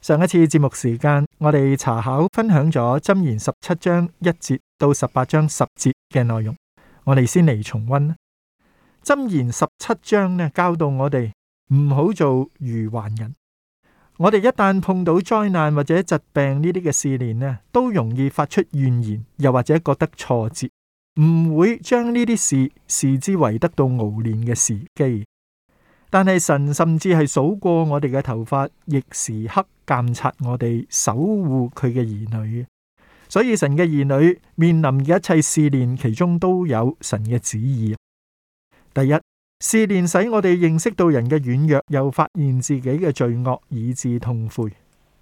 上一次節目時間，我哋查考分享咗《箴言》十七章一節到十八章十節嘅內容，我哋先嚟重溫啦。《箴言》十七章呢，教導我哋唔好做愚頑人。我哋一旦碰到災難或者疾病呢啲嘅試煉呢，都容易發出怨言，又或者覺得挫折，唔會將呢啲事視之為得到熬煉嘅時機。但係神甚至係數過我哋嘅頭髮，亦時刻監察我哋，守護佢嘅兒女。所以神嘅兒女面臨嘅一切試煉，其中都有神嘅旨意。第一，試煉使我哋認識到人嘅軟弱，又發現自己嘅罪惡，以致痛悔。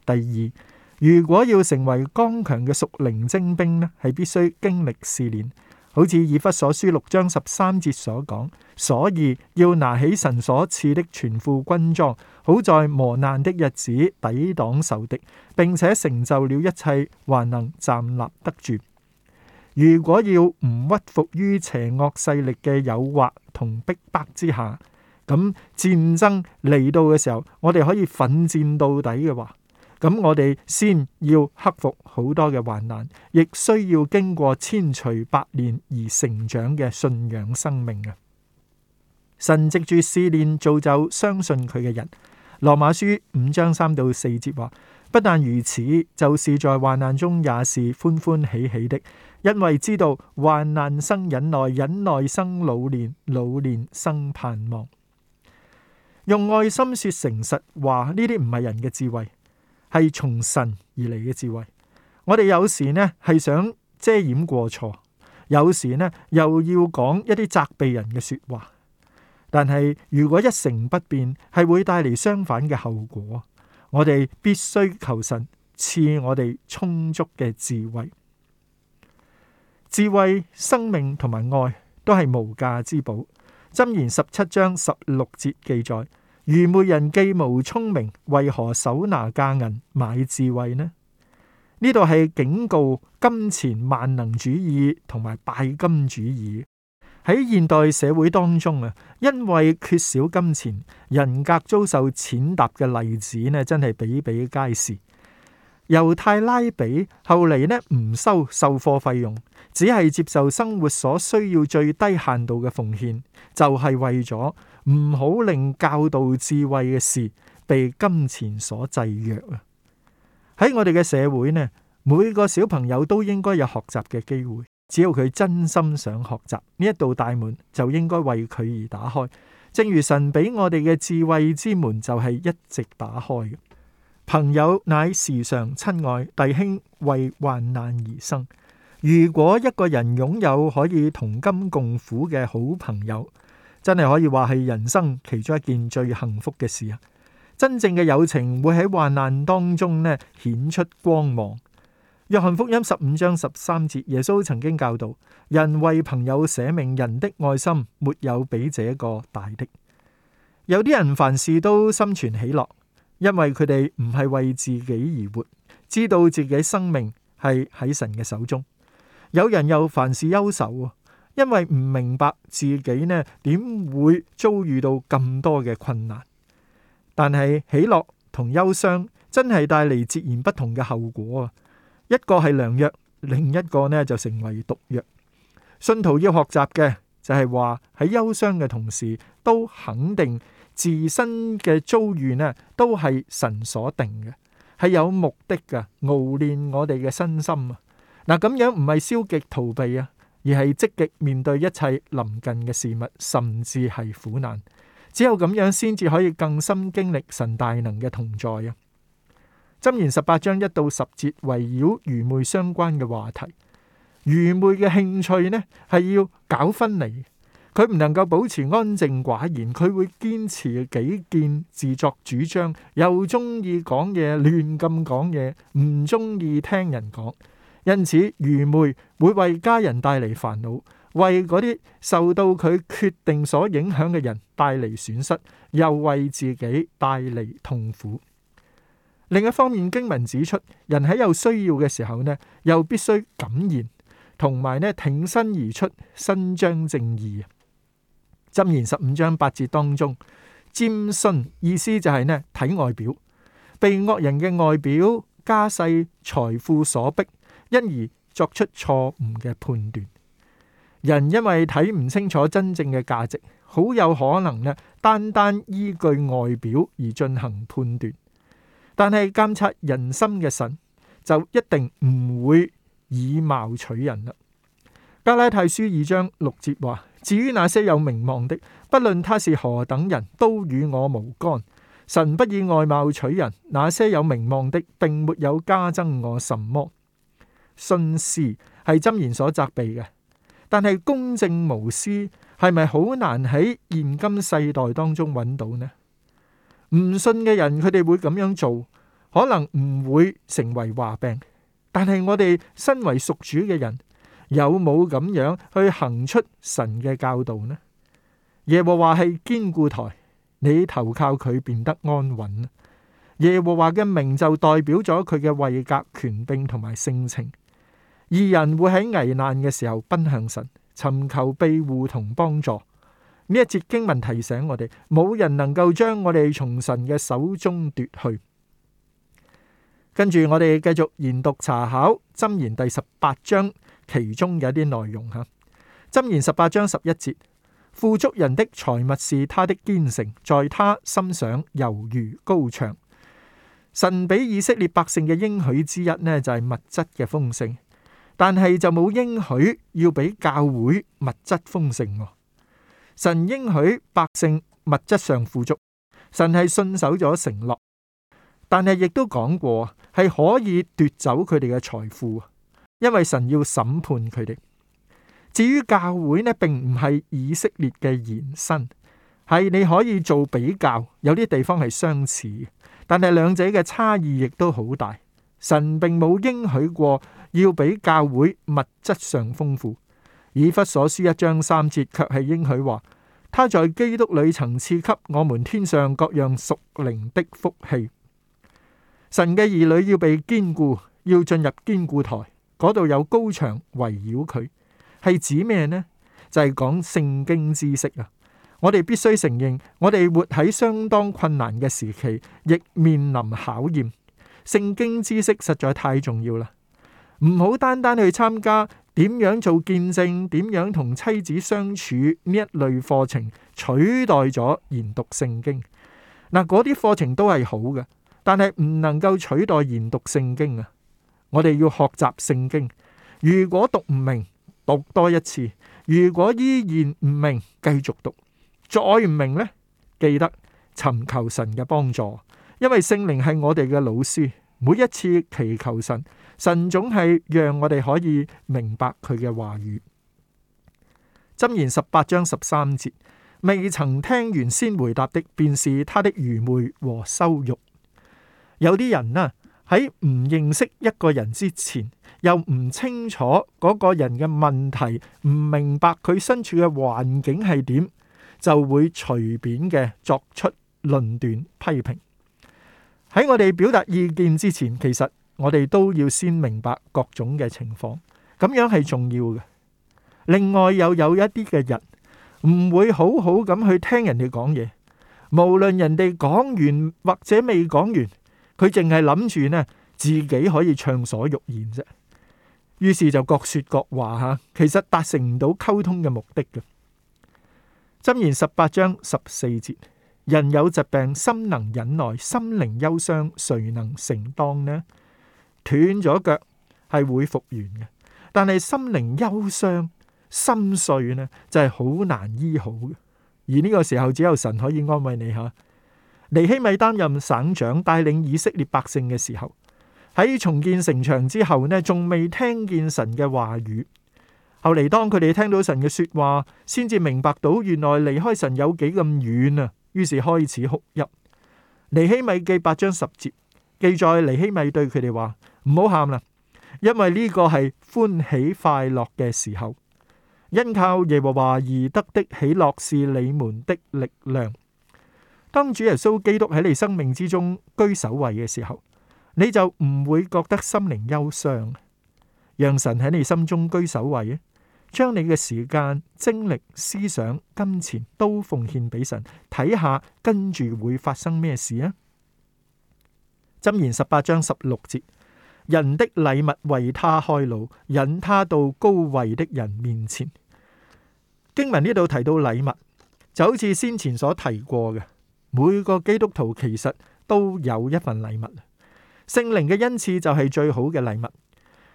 第二，如果要成為剛強嘅屬靈精兵呢，係必須經歷試煉。好似以弗所書六章十三節所講，所以要拿起神所賜的全副軍裝，好在磨難的日子抵擋仇敵，並且成就了一切，還能站立得住。如果要唔屈服於邪惡勢力嘅誘惑同逼迫之下，咁戰爭嚟到嘅時候，我哋可以奮戰到底嘅話。咁我哋先要克服好多嘅患難，亦需要經過千錘百煉而成長嘅信仰生命。神藉住試煉造就相信佢嘅人。羅馬書五章三到四節話：不但如此，就是在患難中也是歡歡喜喜的，因為知道患難生忍耐，忍耐生老練，老練生盼望。用愛心說誠實話，呢啲唔係人嘅智慧。係從神而嚟嘅智慧，我哋有時呢係想遮掩過錯，有時呢又要講一啲責備人嘅說話。但係如果一成不變，係會帶嚟相反嘅後果。我哋必須求神賜我哋充足嘅智慧。智慧、生命同埋愛，都係無價之寶。箴言十七章十六節記載。愚昧人既無聰明，為何手拿價銀買智慧呢？呢度係警告金錢萬能主義同埋拜金主義喺現代社會當中啊！因為缺少金錢，人格遭受踐踏嘅例子呢，真係比比皆是。猶太拉比後嚟呢，唔收授課費用，只係接受生活所需要最低限度嘅奉獻，就係、是、為咗。唔好令教導智慧嘅事被金錢所制約啊！喺我哋嘅社會呢，每個小朋友都應該有學習嘅機會。只要佢真心想學習，呢一道大門就應該為佢而打開。正如神俾我哋嘅智慧之門就係一直打開嘅。朋友乃時常親愛弟兄，為患難而生。如果一個人擁有可以同甘共苦嘅好朋友，真係可以話係人生其中一件最幸福嘅事啊！真正嘅友情會喺患難當中呢顯出光芒。約翰福音十五章十三節，耶穌曾經教導：人為朋友捨命，人的愛心沒有比這一個大的。有啲人凡事都心存喜樂，因為佢哋唔係為自己而活，知道自己生命係喺神嘅手中。有人又凡事憂愁。因為唔明白自己呢點會遭遇到咁多嘅困難，但係喜樂同憂傷真係帶嚟截然不同嘅後果啊！一個係良藥，另一個呢就成為毒藥。信徒要學習嘅就係話喺憂傷嘅同時，都肯定自身嘅遭遇呢，都係神所定嘅，係有目的嘅，熬練我哋嘅身心啊！嗱，咁樣唔係消極逃避啊！而係積極面對一切臨近嘅事物，甚至係苦難。只有咁樣，先至可以更深經歷神大能嘅同在啊！箴言十八章一到十節圍繞愚昧相關嘅話題。愚昧嘅興趣呢，係要搞分離。佢唔能夠保持安靜寡言，佢會堅持己見，自作主張，又中意講嘢，亂咁講嘢，唔中意聽人講。因此愚昧會為家人帶嚟煩惱，為嗰啲受到佢決定所影響嘅人帶嚟損失，又為自己帶嚟痛苦。另一方面，經文指出，人喺有需要嘅時候呢，又必須敢言，同埋呢挺身而出，伸張正義。箴言十五章八節當中，占信意思就係呢，睇外表，被惡人嘅外表家世財富所迫。因而作出錯誤嘅判斷，人因為睇唔清楚真正嘅價值，好有可能咧，單單依據外表而進行判斷。但係監察人心嘅神就一定唔會以貌取人啦。加拉太書二章六節話：至於那些有名望的，不論他是何等人都與我無幹。神不以外貌取人，那些有名望的並沒有加增我什麼。信士係箴言所責備嘅，但係公正無私係咪好難喺現今世代當中揾到呢？唔信嘅人佢哋會咁樣做，可能唔會成為話柄，但係我哋身為屬主嘅人，有冇咁樣去行出神嘅教導呢？耶和華係堅固台，你投靠佢便得安穩。耶和華嘅名就代表咗佢嘅位格、權柄同埋性情。二人會喺危難嘅時候奔向神，尋求庇護同幫助。呢一節經文提醒我哋，冇人能夠將我哋從神嘅手中奪去。跟住我哋繼續研讀查考《箴言》第十八章，其中有一啲內容吓，《箴言》十八章十一節：富足人的財物是他的堅城，在他心想猶如高牆。神俾以色列百姓嘅應許之一呢，就係物質嘅豐盛。但係就冇應許要俾教會物質豐盛，神應許百姓物質上富足，神係信守咗承諾。但係亦都講過係可以奪走佢哋嘅財富，因為神要審判佢哋。至於教會呢，並唔係以色列嘅延伸，係你可以做比較，有啲地方係相似，但係兩者嘅差異亦都好大。神並冇應許過。要比教會物質上豐富，以弗所書一章三節卻話，卻係應許話他在基督裏，曾賜給我們天上各樣屬靈的福氣。神嘅兒女要被堅固，要進入堅固台，嗰度有高牆圍繞佢，係指咩呢？就係、是、講聖經知識啊！我哋必須承認，我哋活喺相當困難嘅時期，亦面臨考驗。聖經知識實在太重要啦！唔好單單去參加點樣做見證，點樣同妻子相處呢一類課程，取代咗研讀聖經。嗱，嗰啲課程都係好嘅，但係唔能夠取代研讀聖經啊！我哋要學習聖經。如果讀唔明，讀多一次；如果依然唔明，繼續讀。再唔明呢，記得尋求神嘅幫助，因為聖靈係我哋嘅老師。每一次祈求神。神總係讓我哋可以明白佢嘅話語。箴言十八章十三節，未曾聽完先回答的，便是他的愚昧和羞辱。有啲人啊，喺唔認識一個人之前，又唔清楚嗰個人嘅問題，唔明白佢身處嘅環境係點，就會隨便嘅作出論斷批評。喺我哋表達意見之前，其實，我哋都要先明白各種嘅情況，咁樣係重要嘅。另外又有一啲嘅人唔會好好咁去聽人哋講嘢，無論人哋講完或者未講完，佢淨係諗住呢自己可以暢所欲言啫。於是就各說各話吓，其實達成唔到溝通嘅目的嘅。箴言十八章十四節：人有疾病，心能忍耐，心靈憂傷，誰能承當呢？斷咗腳係會復原嘅，但係心靈憂傷、心碎呢就係好難醫好嘅。而呢個時候只有神可以安慰你吓。尼希米擔任省長帶領以色列百姓嘅時候，喺重建城牆之後呢，仲未聽見神嘅話語。後嚟當佢哋聽到神嘅說話，先至明白到原來離開神有幾咁遠啊。於是開始哭泣。尼希米記八章十節記載，尼希米對佢哋話。唔好喊啦，因為呢個係歡喜快樂嘅時候。因靠耶和華而得的喜樂是你們的力量。當主耶穌基督喺你生命之中居首位嘅時候，你就唔會覺得心靈憂傷。讓神喺你心中居首位，將你嘅時間、精力、思想、金錢都奉獻俾神。睇下跟住會發生咩事啊？箴言十八章十六節。人的禮物為他開路，引他到高位的人面前。經文呢度提到禮物，就好似先前所提過嘅，每個基督徒其實都有一份禮物。聖靈嘅恩賜就係最好嘅禮物。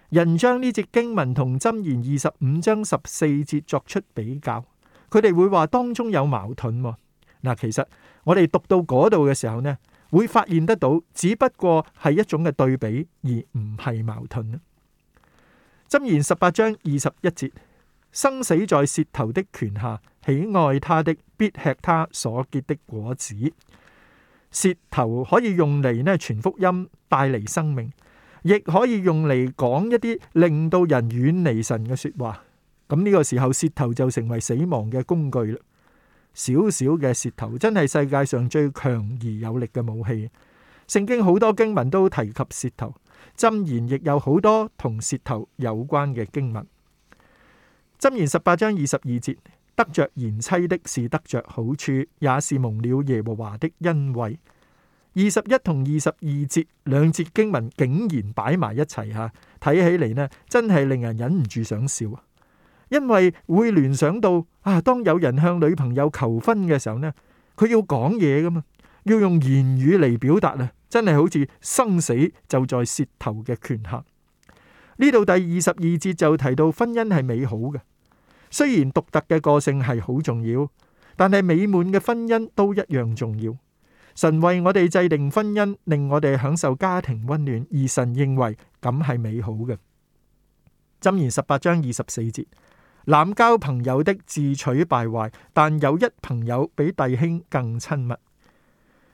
人將呢節經文同箴言二十五章十四節作出比較，佢哋會話當中有矛盾。嗱，其實我哋讀到嗰度嘅時候呢？會發現得到，只不過係一種嘅對比，而唔係矛盾。箴言十八章二十一節：生死在舌頭的權下，喜愛他的，必吃他所結的果子。舌頭可以用嚟呢傳福音，帶嚟生命，亦可以用嚟講一啲令到人遠離神嘅說話。咁、這、呢個時候，舌頭就成為死亡嘅工具啦。少少嘅舌頭，真係世界上最強而有力嘅武器。聖經好多經文都提及舌頭，箴言亦有好多同舌頭有關嘅經文。箴言十八章二十二節，得着賢妻的是得着好處，也是蒙了耶和華的恩惠。二十一同二十二節兩節經文竟然擺埋一齊吓，睇起嚟呢，真係令人忍唔住想笑。因為會聯想到啊，當有人向女朋友求婚嘅時候呢，佢要講嘢噶嘛，要用言語嚟表達啊，真係好似生死就在舌頭嘅權限。呢度第二十二節就提到婚姻係美好嘅，雖然獨特嘅個性係好重要，但係美滿嘅婚姻都一樣重要。神為我哋制定婚姻，令我哋享受家庭溫暖，而神認為咁係美好嘅。箴言十八章二十四節。濫交朋友的自取敗壞，但有一朋友比弟兄更親密。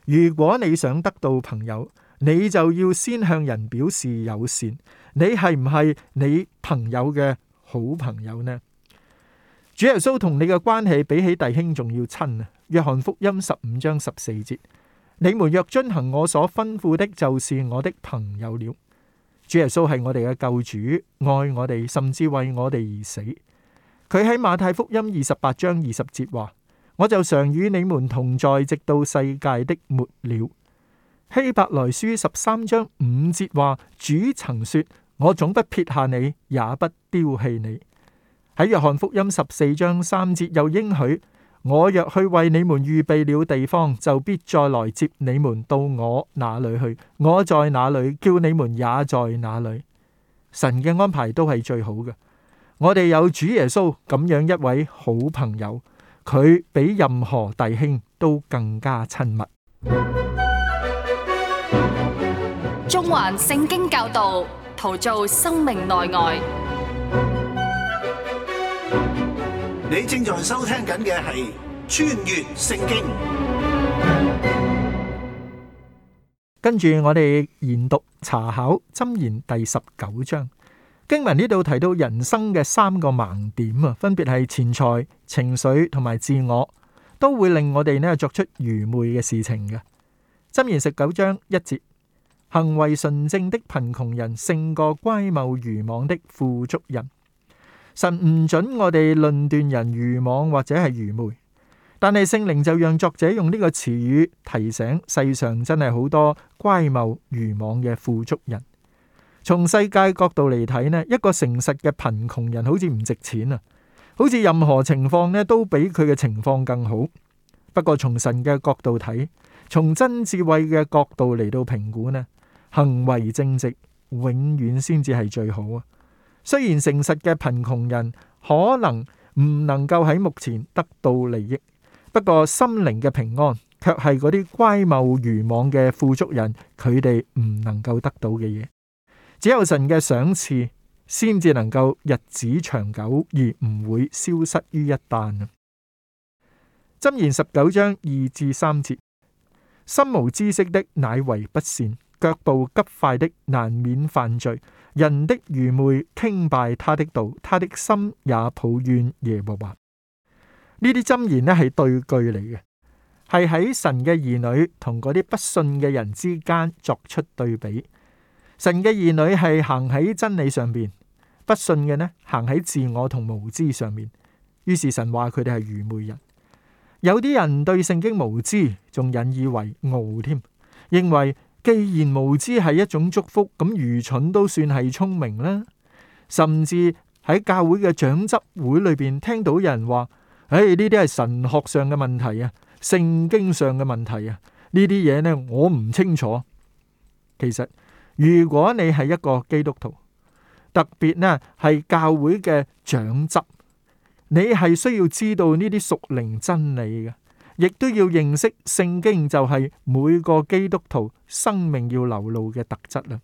如果你想得到朋友，你就要先向人表示友善。你係唔係你朋友嘅好朋友呢？主耶穌同你嘅關係比起弟兄仲要親啊！約翰福音十五章十四節：你們若遵行我所吩咐的，就是我的朋友了。主耶穌係我哋嘅救主，愛我哋，甚至為我哋而死。佢喺馬太福音二十八章二十節話：我就常與你們同在，直到世界的末了。希伯來書十三章五節話：主曾說我總不撇下你，也不丟棄你。喺約翰福音十四章三節又應許：我若去為你們預備了地方，就必再來接你們到我那裏去。我在那裏，叫你們也在那裏。神嘅安排都係最好嘅。我哋有主耶穌咁樣一位好朋友，佢比任何弟兄都更加親密。中環聖經教導，陶造生命內外。你正在收聽緊嘅係《穿越聖經》，跟住我哋研讀查考《箴言》第十九章經文呢度提到人生嘅三個盲點啊，分別係錢財、情緒同埋自我，都會令我哋呢作出愚昧嘅事情嘅。《箴言》十九章一節，行為純正的貧窮人勝過乖謬愚妄的富足人。神唔準我哋論斷人愚妄或者係愚昧，但係聖靈就讓作者用呢個詞語提醒世上真係好多乖謬愚妄嘅富足人。從世界角度嚟睇咧，一個誠實嘅貧窮人好似唔值錢啊，好似任何情況咧都比佢嘅情況更好。不過從神嘅角度睇，從真智慧嘅角度嚟到評估呢，行為正直永遠先至係最好啊。雖然誠實嘅貧窮人可能唔能夠喺目前得到利益，不過心靈嘅平安卻係嗰啲乖謬愚妄嘅富足人，佢哋唔能夠得到嘅嘢。只有神嘅賞賜，先至能夠日子長久，而唔會消失於一旦啊。箴言十九章二至三節：心無知識的，乃為不善；腳步急快的，難免犯罪。人的愚昧傾敗他的道，他的心也抱怨耶和華。呢啲箴言呢，係對句嚟嘅，係喺神嘅兒女同嗰啲不信嘅人之間作出對比。神嘅兒女係行喺真理上邊，不信嘅呢行喺自我同無知上面。於是神話佢哋係愚昧人。有啲人對聖經無知，仲引以為傲添，認為既然無知係一種祝福，咁愚蠢都算係聰明啦。甚至喺教會嘅長執會裏邊聽到有人話：唉、哎，呢啲係神學上嘅問題啊，聖經上嘅問題啊，呢啲嘢呢我唔清楚。其實。如果你係一個基督徒，特別呢係教會嘅長執，你係需要知道呢啲屬靈真理嘅，亦都要認識聖經就係每個基督徒生命要流露嘅特質啦。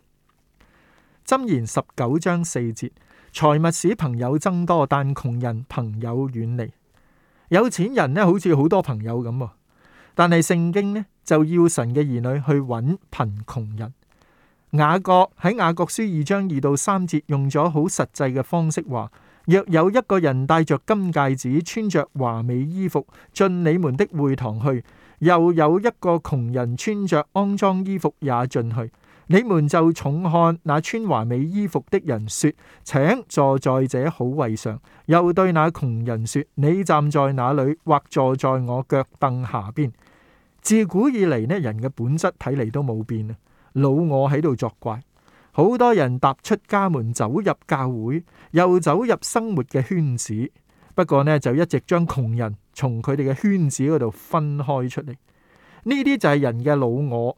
箴言十九章四節：財物使朋友增多，但窮人朋友遠離。有錢人呢好似好多朋友咁，但係聖經呢就要神嘅兒女去揾貧窮人。雅各喺雅各書二章二到三節用咗好實際嘅方式話：若有一個人戴着金戒指，穿着華美衣服進你們的會堂去，又有一個窮人穿着骯髒衣服也進去，你們就重看那穿華美衣服的人，說：請坐在這好位上；又對那窮人說：你站在那裏或坐在我腳凳下邊。自古以嚟呢，人嘅本質睇嚟都冇變啊。老我喺度作怪，好多人踏出家門走入教會，又走入生活嘅圈子。不過呢，就一直將窮人從佢哋嘅圈子嗰度分開出嚟。呢啲就係人嘅老我。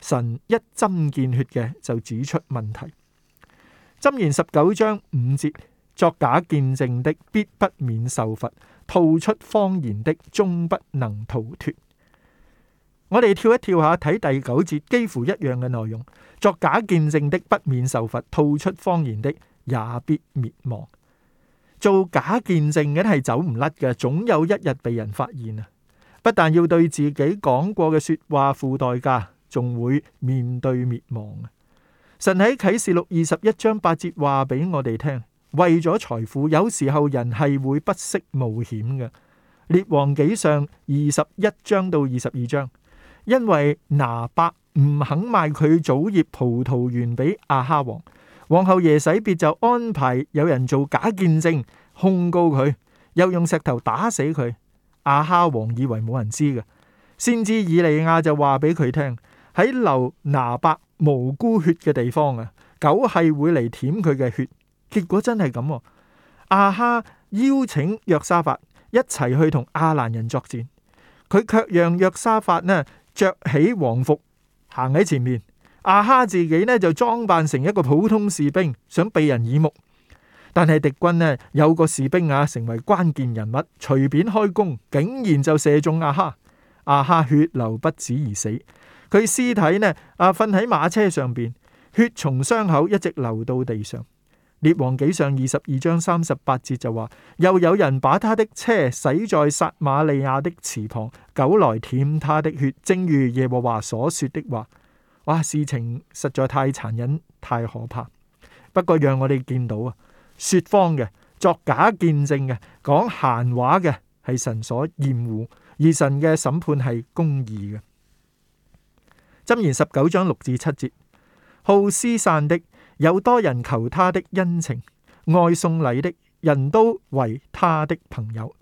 神一針見血嘅就指出問題。箴言十九章五節：作假見證的必不免受罰，吐出謊言的終不能逃脫。我哋跳一跳下睇第九節，幾乎一樣嘅內容。作假見證的不免受罰，吐出謊言的也必滅亡。做假見證嘅係走唔甩嘅，總有一日被人發現啊！不但要對自己講過嘅說話付代價，仲會面對滅亡。神喺啟示錄二十一章八節話俾我哋聽，為咗財富，有時候人係會不惜冒險嘅。列王紀上二十一章到二十二章。因為拿伯唔肯賣佢祖業葡萄園俾阿哈王，王后耶洗別就安排有人做假見證控告佢，又用石頭打死佢。阿哈王以為冇人知嘅，先知以利亞就話俾佢聽喺流拿伯無辜血嘅地方啊，狗係會嚟舔佢嘅血。結果真係咁，阿哈邀請約沙法一齊去同亞蘭人作戰，佢卻讓約，約沙法呢？着起王服行喺前面，阿哈自己呢就裝扮成一個普通士兵，想避人耳目。但係敵軍呢有個士兵啊成為關鍵人物，隨便開弓，竟然就射中阿哈。阿哈血流不止而死，佢屍體呢啊瞓喺馬車上面，血從傷口一直流到地上。列王紀上二十二章三十八節就話，又有人把他的車洗在撒瑪利亞的池旁，狗來舔他的血，正如耶和華所說的話。哇，事情實在太殘忍、太可怕。不過讓我哋見到啊，說謊嘅、作假見證嘅、講閒話嘅係神所厭惡，而神嘅審判係公義嘅。箴言，十九章六至七節，好施散的，有多人求他的恩情，愛送禮的人都為他的朋友，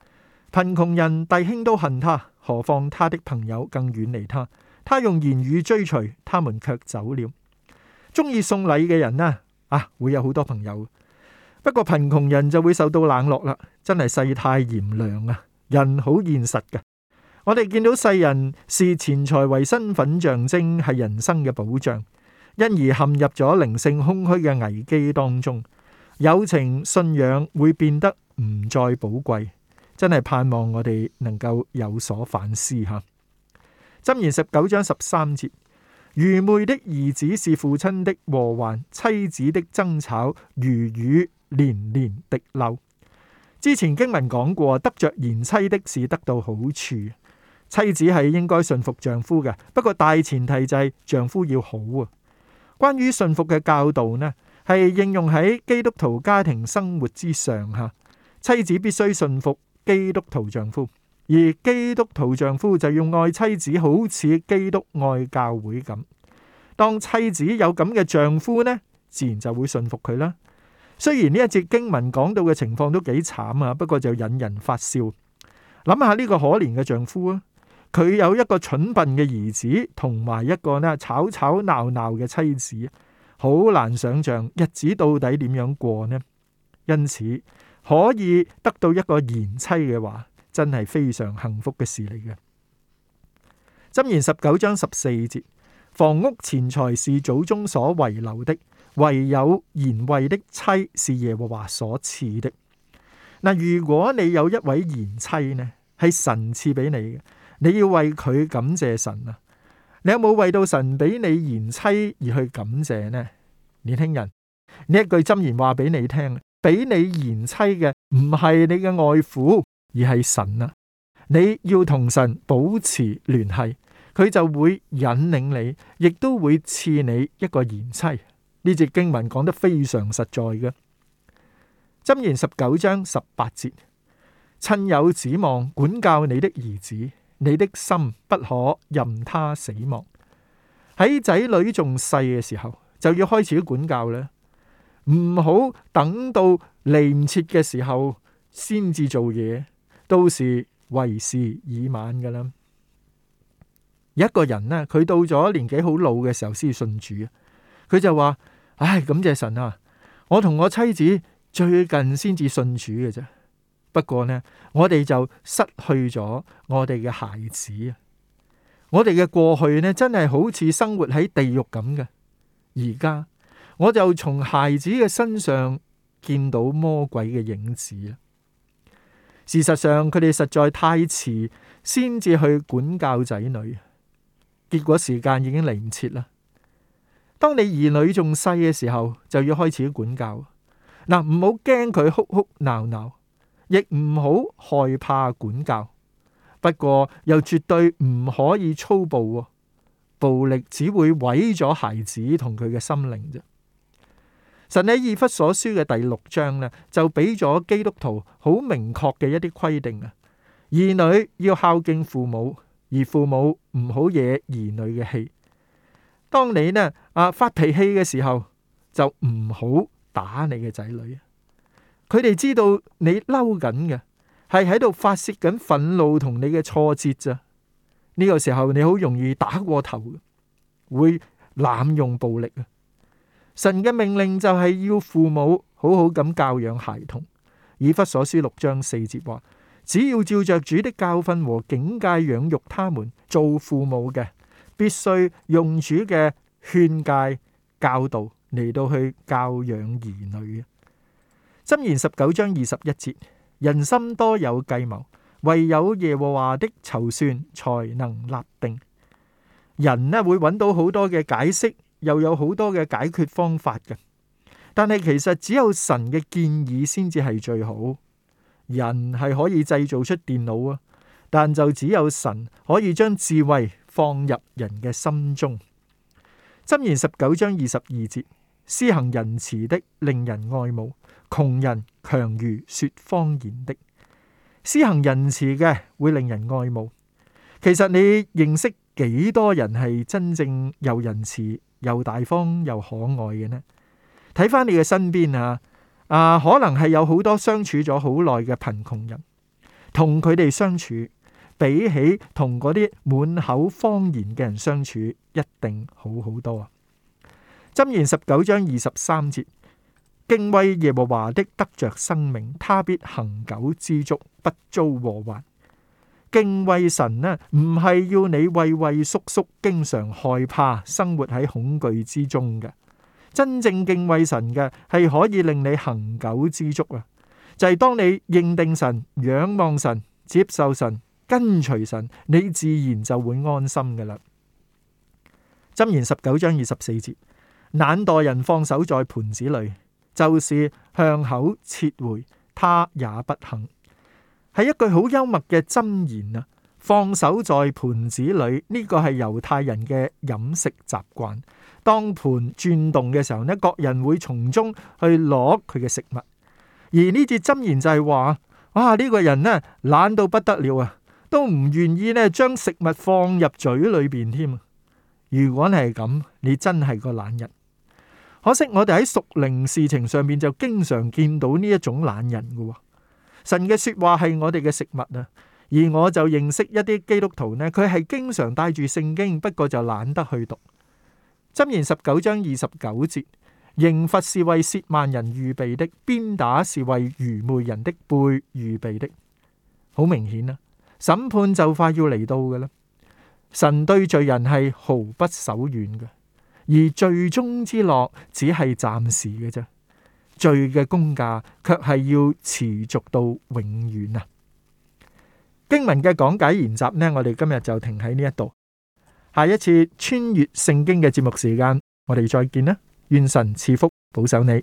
貧窮人弟兄都恨他，何況他的朋友更遠離他。他用言語追隨，他們卻走了。中意送禮嘅人呢？啊，會有好多朋友，不過貧窮人就會受到冷落啦。真係世態炎涼啊！人好現實㗎。我哋見到世人視錢財為身份象徵，係人生嘅保障。因而陷入咗靈性空虛嘅危機當中，友情、信仰會變得唔再寶貴。真係盼望我哋能夠有所反思。吓，箴言十九章十三節：愚昧的兒子是父親的禍患，妻子的爭吵如雨連連滴漏。之前經文講過，得着賢妻的是得到好處，妻子係應該信服丈夫嘅，不過大前提就係丈夫要好啊。關於順服嘅教導呢，係應用喺基督徒家庭生活之上吓。妻子必須順服基督徒丈夫，而基督徒丈夫就要愛妻子，好似基督愛教會咁。當妻子有咁嘅丈夫呢，自然就會順服佢啦。雖然呢一節經文講到嘅情況都幾慘啊，不過就引人發笑。諗下呢個可憐嘅丈夫啊！佢有一個蠢笨嘅兒子，同埋一個咧吵吵鬧鬧嘅妻子，好難想象日子到底點樣過呢？因此可以得到一個賢妻嘅話，真係非常幸福嘅事嚟嘅。箴言十九章十四節：房屋錢財是祖宗所遺留的，唯有賢惠的妻是耶和華所賜的。嗱，如果你有一位賢妻呢，係神賜俾你嘅。你要為佢感謝神啊！你有冇為到神俾你賢妻而去感謝呢？年輕人，呢一句箴言話俾你聽啊！俾你賢妻嘅唔係你嘅外父，而係神啊！你要同神保持聯繫，佢就會引領你，亦都會賜你一個賢妻。呢節經文講得非常實在嘅。箴言十九章十八節：趁有指望，管教你的兒子。你的心不可任他死亡。喺仔女仲細嘅時候，就要開始管教啦。唔好等到嚟唔切嘅時候先至做嘢，到時為時已晚㗎喇。一個人咧，佢到咗年紀好老嘅時候先信主，佢就話：唉、哎，感謝神啊！我同我妻子最近先至信主嘅啫。不過呢，我哋就失去咗我哋嘅孩子啊！我哋嘅過去呢，真係好似生活喺地獄咁嘅。而家我就從孩子嘅身上見到魔鬼嘅影子。事實上，佢哋實在太遲先至去管教仔女，結果時間已經嚟唔切啦。當你兒女仲細嘅時候，就要開始管教嗱，唔好驚佢哭哭鬧鬧。亦唔好害怕管教，不過又絕對唔可以粗暴喎，暴力只會毀咗孩子同佢嘅心靈啫。神喺以弗所書嘅第六章咧，就俾咗基督徒好明確嘅一啲規定啊，兒女要孝敬父母，而父母唔好惹兒女嘅氣。當你咧啊發脾氣嘅時候，就唔好打你嘅仔女啊。佢哋知道你嬲緊嘅，係喺度發泄緊憤怒同你嘅挫折咋？呢、這個時候你好容易打過頭，會濫用暴力。神嘅命令就係要父母好好咁教養孩童。以弗所書六章四節話：只要照着主的教訓和警戒養育他們，做父母嘅必須用主嘅勸誡教導嚟到去教養兒女。箴言十九章二十一節：人心多有計謀，唯有耶和華的籌算才能立定。人呢，會搵到好多嘅解釋，又有好多嘅解決方法嘅，但係其實只有神嘅建議先至係最好。人係可以製造出電腦啊，但就只有神可以將智慧放入人嘅心中。箴言十九章二十二節：施行仁慈的，令人愛慕。窮人強如說謊言的，施行仁慈嘅會令人愛慕。其實你認識幾多人係真正又仁慈又大方又可愛嘅呢？睇翻你嘅身邊啊，啊，可能係有好多相處咗好耐嘅貧窮人，同佢哋相處，比起同嗰啲滿口謊言嘅人相處，一定好好多啊！箴言十九章二十三節。敬畏耶和華的得着生命，他必恒久知足，不遭禍患。敬畏神呢，唔係要你畏畏縮縮，經常害怕，生活喺恐懼之中嘅。真正敬畏神嘅，係可以令你恒久知足啊！就係、是、當你認定神、仰望神、接受神、跟隨神，你自然就會安心噶啦。箴言十九章二十四節：懶惰人放手在盤子裏。就是向口撤回，他也不肯。係一句好幽默嘅箴言啊！放手在盤子裏，呢個係猶太人嘅飲食習慣。當盤轉動嘅時候，呢各人會從中去攞佢嘅食物。而呢節箴言就係話：哇！呢個人呢懶到不得了啊，都唔願意呢將食物放入嘴裏邊添。如果係咁，你真係個懶人。可惜我哋喺屬靈事情上面就經常見到呢一種懶人嘅。神嘅說話係我哋嘅食物啊，而我就認識一啲基督徒呢，佢係經常帶住聖經，不過就懶得去讀。箴言十九章二十九節，刑罰是為褻慢人預備的，鞭打是為愚昧人的背預備的。好明顯啦，審判就快要嚟到嘅啦。神對罪人係毫不手軟嘅。而罪中之樂只係暫時嘅啫，罪嘅工價卻係要持續到永遠啊！經文嘅講解研習呢，我哋今日就停喺呢一度。下一次穿越聖經嘅節目時間，我哋再見啦！願神賜福保守你。